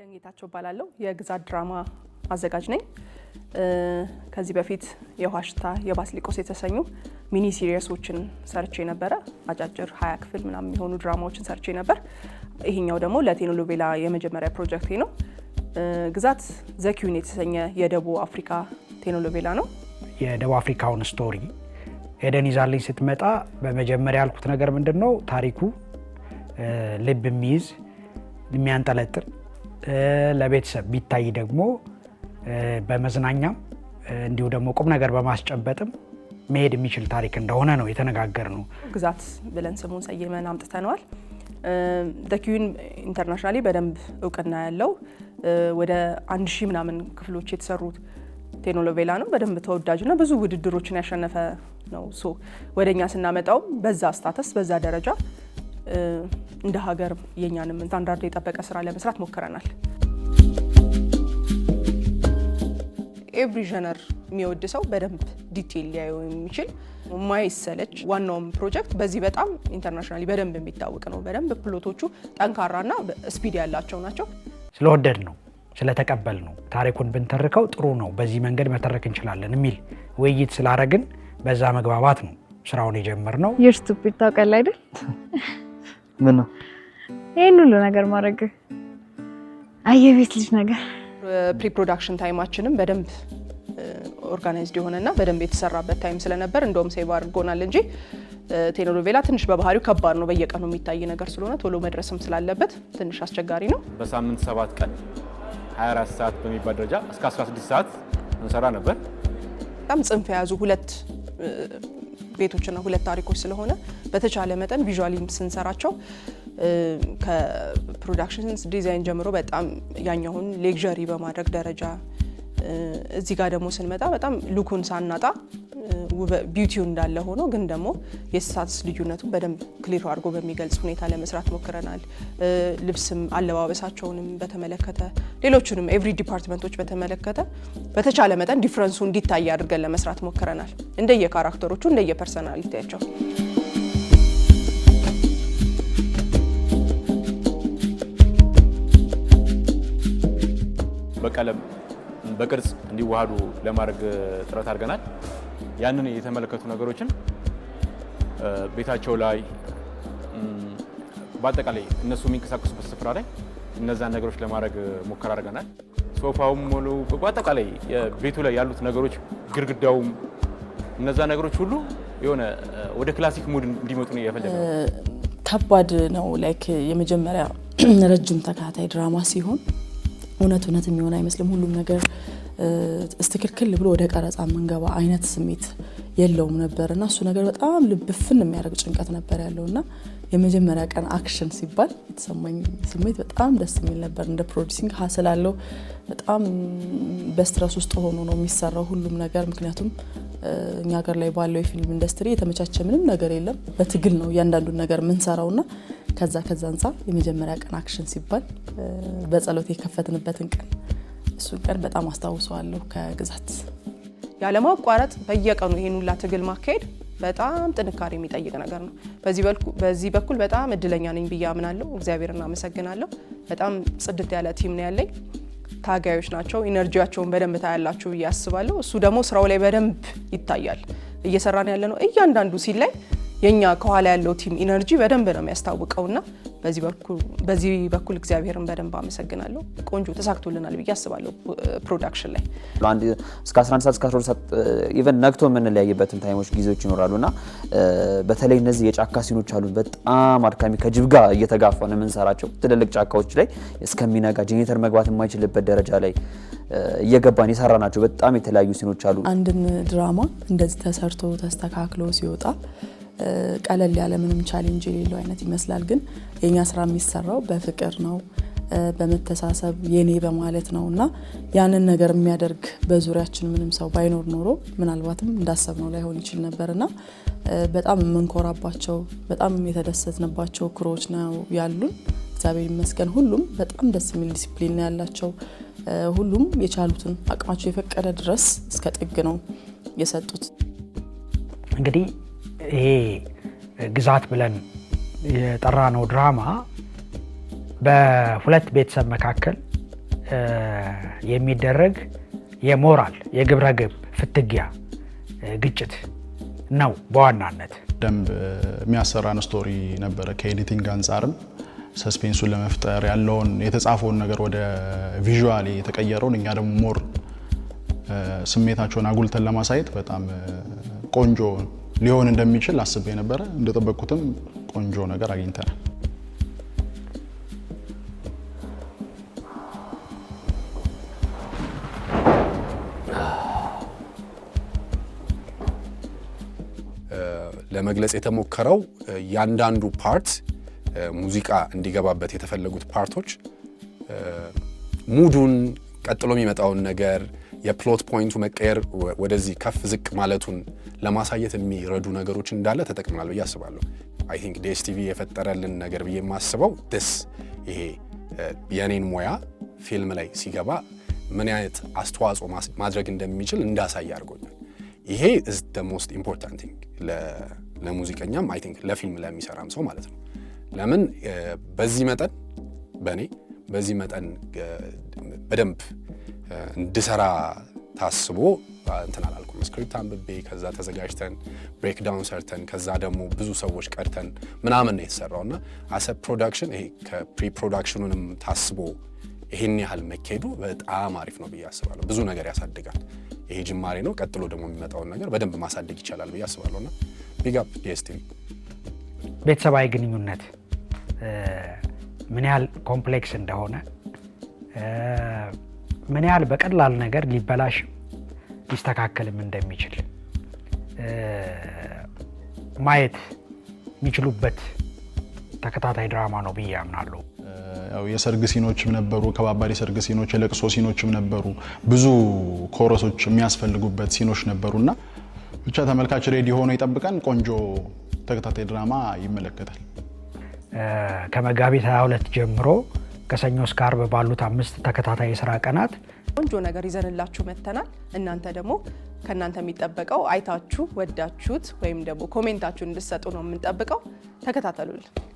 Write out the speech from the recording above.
ኤደን ጌታቸው እባላለሁ። የግዛት ድራማ አዘጋጅ ነኝ። ከዚህ በፊት የዋሽታ የባስሊቆስ የተሰኙ ሚኒ ሲሪየሶችን ሰርቼ ነበረ። አጫጭር ሀያ ክፍል ምናምን የሆኑ ድራማዎችን ሰርቼ ነበር። ይሄኛው ደግሞ ለቴሌኖቬላ የመጀመሪያ ፕሮጀክቴ ነው። ግዛት ዘኪውን የተሰኘ የደቡብ አፍሪካ ቴሌኖቬላ ነው። የደቡብ አፍሪካውን ስቶሪ ኤደን ይዛልኝ ስትመጣ በመጀመሪያ ያልኩት ነገር ምንድን ነው? ታሪኩ ልብ የሚይዝ የሚያንጠለጥል ለቤተሰብ ቢታይ ደግሞ በመዝናኛም እንዲሁ ደግሞ ቁም ነገር በማስጨበጥም መሄድ የሚችል ታሪክ እንደሆነ ነው የተነጋገር ነው። ግዛት ብለን ስሙን ሰይመን አምጥተነዋል። ደኪዩን ኢንተርናሽናሊ በደንብ እውቅና ያለው ወደ አንድ ሺህ ምናምን ክፍሎች የተሰሩት ቴኖሎቬላ ነው። በደንብ ተወዳጅ እና ብዙ ውድድሮችን ያሸነፈ ነው። ወደ እኛ ስናመጣው በዛ ስታተስ በዛ ደረጃ እንደ ሀገር የኛንም ስታንዳርድ የጠበቀ ስራ ለመስራት ሞክረናል። ኤቭሪ ጀነር የሚወድ ሰው በደንብ ዲቴል ሊያየው የሚችል ማይሰለች ዋናውም ፕሮጀክት በዚህ በጣም ኢንተርናሽናሊ በደንብ የሚታወቅ ነው። በደንብ ፕሎቶቹ ጠንካራና ስፒድ ያላቸው ናቸው። ስለወደድ ነው ስለተቀበል ነው ታሪኩን ብንተርከው ጥሩ ነው፣ በዚህ መንገድ መተረክ እንችላለን የሚል ውይይት ስላረግን በዛ መግባባት ነው ስራውን የጀመርነው። የርስቱ ታውቃለህ አይደል? ምን ነው ይህን ሁሉ ነገር ማድረግ? አየቤት ልጅ ነገር። ፕሪፕሮዳክሽን ታይማችንም በደንብ ኦርጋናይዝድ የሆነና በደንብ የተሰራበት ታይም ስለነበር እንደውም ሴቭ አድርጎናል እንጂ ቴሌኖቬላ ትንሽ በባህሪው ከባድ ነው። በየቀኑ የሚታይ ነገር ስለሆነ ቶሎ መድረስም ስላለበት ትንሽ አስቸጋሪ ነው። በሳምንት ሰባት ቀን 24 ሰዓት በሚባል ደረጃ እስከ 16 ሰዓት እንሰራ ነበር። በጣም ጽንፍ የያዙ ሁለት ቤቶችና ሁለት ታሪኮች ስለሆነ በተቻለ መጠን ቪዥዋሊ ስንሰራቸው ከፕሮዳክሽንስ ዲዛይን ጀምሮ በጣም ያኛውን ሌግዠሪ በማድረግ ደረጃ እዚህ ጋር ደግሞ ስንመጣ በጣም ሉኩን ሳናጣ ቢዩቲው እንዳለ ሆኖ ግን ደግሞ የእንስሳት ልዩነቱን በደንብ ክሊር አድርጎ በሚገልጽ ሁኔታ ለመስራት ሞክረናል። ልብስም አለባበሳቸውንም በተመለከተ ሌሎቹንም ኤቭሪ ዲፓርትመንቶች በተመለከተ በተቻለ መጠን ዲፍረንሱ እንዲታይ አድርገን ለመስራት ሞክረናል። እንደየ ካራክተሮቹ እንደየ ፐርሰናሊቲያቸው በቀለም በቅርጽ እንዲዋሃዱ ለማድረግ ጥረት አድርገናል። ያንን የተመለከቱ ነገሮችን ቤታቸው ላይ በአጠቃላይ እነሱ የሚንቀሳቀሱበት ስፍራ ላይ እነዛን ነገሮች ለማድረግ ሙከራ አድርገናል። ሶፋውም ሙሉ በአጠቃላይ ቤቱ ላይ ያሉት ነገሮች፣ ግድግዳውም እነዛ ነገሮች ሁሉ የሆነ ወደ ክላሲክ ሙድ እንዲመጡ ነው የፈለገ። ከባድ ነው። ላይክ የመጀመሪያ ረጅም ተከታታይ ድራማ ሲሆን እውነት እውነት የሚሆን አይመስልም። ሁሉም ነገር እስትክልክል ብሎ ወደ ቀረጻ የምንገባ አይነት ስሜት የለውም ነበር እና እሱ ነገር በጣም ልብፍን የሚያደርግ ጭንቀት ነበር ያለው እና የመጀመሪያ ቀን አክሽን ሲባል የተሰማኝ ስሜት በጣም ደስ የሚል ነበር። እንደ ፕሮዲሲንግ ስላለው በጣም በስትረስ ውስጥ ሆኖ ነው የሚሰራው ሁሉም ነገር ምክንያቱም እኛ ሀገር ላይ ባለው የፊልም ኢንዱስትሪ የተመቻቸ ምንም ነገር የለም። በትግል ነው እያንዳንዱን ነገር የምንሰራው እና ከዛ ከዛ አንጻር የመጀመሪያ ቀን አክሽን ሲባል በጸሎት የከፈትንበትን ቀን እሱን ቀን በጣም አስታውሰዋለሁ። ከግዛት ያለማቋረጥ በየቀኑ ይህን ሁላ ትግል ማካሄድ በጣም ጥንካሬ የሚጠይቅ ነገር ነው። በዚህ በኩል በጣም እድለኛ ነኝ ብዬ አምናለሁ። እግዚአብሔርን አመሰግናለሁ። በጣም ጽድት ያለ ቲም ነው ያለኝ። ታጋዮች ናቸው። ኢነርጂያቸውን በደንብ ታያላችሁ ብዬ አስባለሁ። እሱ ደግሞ ስራው ላይ በደንብ ይታያል። እየሰራን ያለ ነው እያንዳንዱ ሲል ላይ የኛ ከኋላ ያለው ቲም ኢነርጂ በደንብ ነው የሚያስታውቀውና በዚህ በኩል እግዚአብሔርን በደንብ አመሰግናለሁ። ቆንጆ ተሳክቶልናል ብዬ አስባለሁ። ፕሮዳክሽን ላይ እስከ 11 ሰዓት እስከ 12 ሰዓት ኢቨን ነግቶ የምንለያይበትን ታይሞች ጊዜዎች ይኖራሉ እና በተለይ እነዚህ የጫካ ሲኖች አሉ በጣም አድካሚ ከጅብ ጋር እየተጋፋን የምንሰራቸው ትልልቅ ጫካዎች ላይ እስከሚነጋ ጄኔተር መግባት የማይችልበት ደረጃ ላይ እየገባን የሰራ ናቸው። በጣም የተለያዩ ሲኖች አሉ። አንድን ድራማ እንደዚህ ተሰርቶ ተስተካክሎ ሲወጣ ቀለል ያለ ምንም ቻሌንጅ የሌለው አይነት ይመስላል። ግን የኛ ስራ የሚሰራው በፍቅር ነው፣ በመተሳሰብ የኔ በማለት ነው እና ያንን ነገር የሚያደርግ በዙሪያችን ምንም ሰው ባይኖር ኖሮ ምናልባትም እንዳሰብነው ላይሆን ይችል ነበር እና በጣም የምንኮራባቸው በጣም የተደሰትንባቸው ክሮች ነው ያሉን። እግዚአብሔር ይመስገን ሁሉም በጣም ደስ የሚል ዲሲፕሊን ነው ያላቸው። ሁሉም የቻሉትን አቅማቸው የፈቀደ ድረስ እስከ ጥግ ነው የሰጡት እንግዲህ ይሄ ግዛት ብለን የጠራ ነው ድራማ በሁለት ቤተሰብ መካከል የሚደረግ የሞራል የግብረ ግብ ፍትጊያ ግጭት ነው በዋናነት ደንብ የሚያሰራን ስቶሪ ነበረ። ከኤዲቲንግ አንጻርም ሰስፔንሱን ለመፍጠር ያለውን የተጻፈውን ነገር ወደ ቪዥዋል የተቀየረውን እኛ ደግሞ ሞር ስሜታቸውን አጉልተን ለማሳየት በጣም ቆንጆ ሊሆን እንደሚችል አስቤ ነበረ። እንደጠበቅኩትም ቆንጆ ነገር አግኝተናል። ለመግለጽ የተሞከረው እያንዳንዱ ፓርት ሙዚቃ እንዲገባበት የተፈለጉት ፓርቶች ሙዱን፣ ቀጥሎ የሚመጣውን ነገር የፕሎት ፖይንቱ መቀየር ወደዚህ ከፍ ዝቅ ማለቱን ለማሳየት የሚረዱ ነገሮች እንዳለ ተጠቅምናል ብዬ አስባለሁ። አይ ቲንክ ዲኤስቲቪ የፈጠረልን ነገር ብዬ የማስበው ደስ ይሄ የኔን ሙያ ፊልም ላይ ሲገባ ምን አይነት አስተዋጽኦ ማድረግ እንደሚችል እንዳሳይ አድርጎኛል። ይሄ ኢዝ ደ ሞስት ኢምፖርታንት ቲንግ ለሙዚቀኛም አይ ቲንክ ለፊልም ለሚሰራም ሰው ማለት ነው። ለምን በዚህ መጠን በእኔ በዚህ መጠን በደንብ እንድሰራ ታስቦ እንትን አላልኩም። ስክሪፕት አንብቤ ከዛ ተዘጋጅተን ብሬክዳውን ሰርተን ከዛ ደግሞ ብዙ ሰዎች ቀድተን ምናምን ነው የተሰራው እና አሰ ፕሮዳክሽን ይሄ ከፕሪ ፕሮዳክሽኑንም ታስቦ ይሄን ያህል መካሄዱ በጣም አሪፍ ነው ብዬ አስባለሁ። ብዙ ነገር ያሳድጋል። ይሄ ጅማሬ ነው። ቀጥሎ ደግሞ የሚመጣውን ነገር በደንብ ማሳደግ ይቻላል ብዬ አስባለሁ እና ቢግ አፕ ዲኤስቲቪ። ቤተሰባዊ ግንኙነት ምን ያህል ኮምፕሌክስ እንደሆነ ምን ያህል በቀላል ነገር ሊበላሽም ሊስተካከልም እንደሚችል ማየት የሚችሉበት ተከታታይ ድራማ ነው ብዬ አምናለሁ። ያው የሰርግ ሲኖችም ነበሩ፣ ከባባድ የሰርግ ሲኖች፣ የለቅሶ ሲኖችም ነበሩ። ብዙ ኮረሶች የሚያስፈልጉበት ሲኖች እና ብቻ ተመልካች ሬዲ ሆኖ ይጠብቀን። ቆንጆ ተከታታይ ድራማ ይመለከታል። ከመጋቢት 22 ጀምሮ ከሰኞ እስከ አርብ ባሉት አምስት ተከታታይ የስራ ቀናት ቆንጆ ነገር ይዘንላችሁ መጥተናል። እናንተ ደግሞ ከእናንተ የሚጠበቀው አይታችሁ ወዳችሁት ወይም ደግሞ ኮሜንታችሁን እንድሰጡ ነው የምንጠብቀው። ተከታተሉልን።